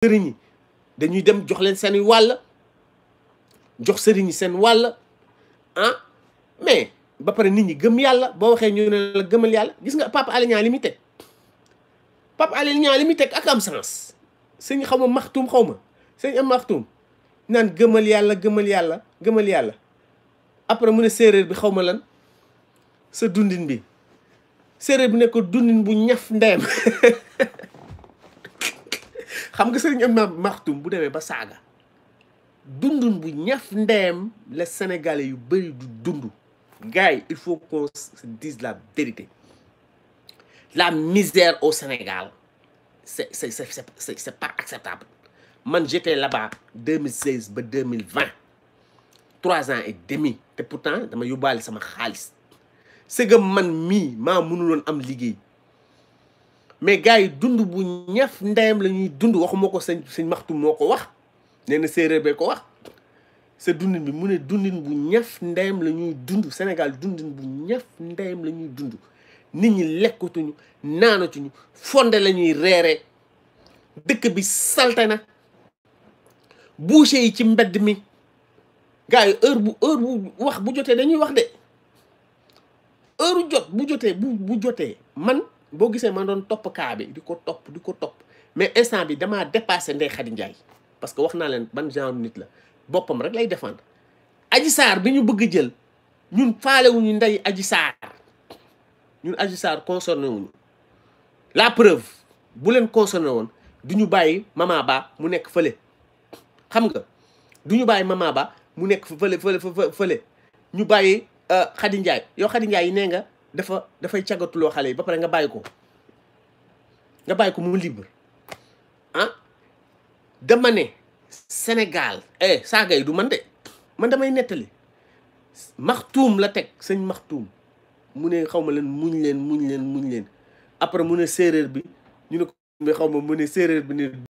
serigne dañuy dem jox len sen wal jox serigne sen wal ah mais ba paré nit ñi gëm yalla bo waxé ñu ne la gëmal yalla gis nga papa Alé Niang li muy teg Pape Alé ak am sens serigne xawma maxtum xawma serigne am maxtum nan gëmal yalla gëmal yalla gëmal yalla après mu ne bi xawma lan sa dundin bi séeréer bi ne ko dundin bu ñaf ndem xam nga sëriñ Imaam Maxtum bu demee ba saaga dundun bu ñaf ndeem la sénégalais yu bëri du dund gars il faut qu'on dise la vérité la misère au Sénégal c'est c'est c'est c'est pas acceptable man j'étais là-bas 2016 ba 2020 trois ans et demi te pourtant dama yóbbaale sama c'est que man mi ma mënuloon am liguey mais gars yi dund bu ñaf ndeyam la ñuy dund waxuma ko sëñ sëñ maxtum moo ko wax nee na séeréer bee ko wax sa dundin bi mu ne dundin bu ñaf ndeyam lañuy dund Sénégal dundin bu ñaf ndeyam la ñuy dund nit ñi lekkatuñu naanatuñu fonde la ñuy reeree dëkk bi salte na boucher yi ci mbedd mi gars yi heure bu heure bu wax bu jotee dañuy wax de heure jot bu jotee bu jotee man boo gisee ma doon topp kaa bi di ko topp di ko topp mais instant bi damaa dépassé Ndeye Khady Ndiaye parce que wax naa leen ban genre nit la boppam rek lay défendre Adji Sarr bi ñu bëgg jël ñun faalewuñu ndey Adji Sarr ñun Adji Sarr concerné wuñu la bu leen concerné woon du ñu bàyyi mama ba mu nekk fële xam nga du ñu bàyyi mama ba mu nekk fële fële fële ñu bàyyi euh, Khady Ndiaye yow Khady yi nee nga dafa dafay càggatuloo xale yi ba pare nga bàyyi ko nga bàyyi ko mu libre ah dama ne Sénégal eh saaga yi du man de man damay nettali maxtuum la teg sëñ maxtuum mu ne xaw ma leen muñ leen muñ leen muñ leen après mu ne séeréer bi ñu ne ko mu xaw ma mu ne séeréer bi ne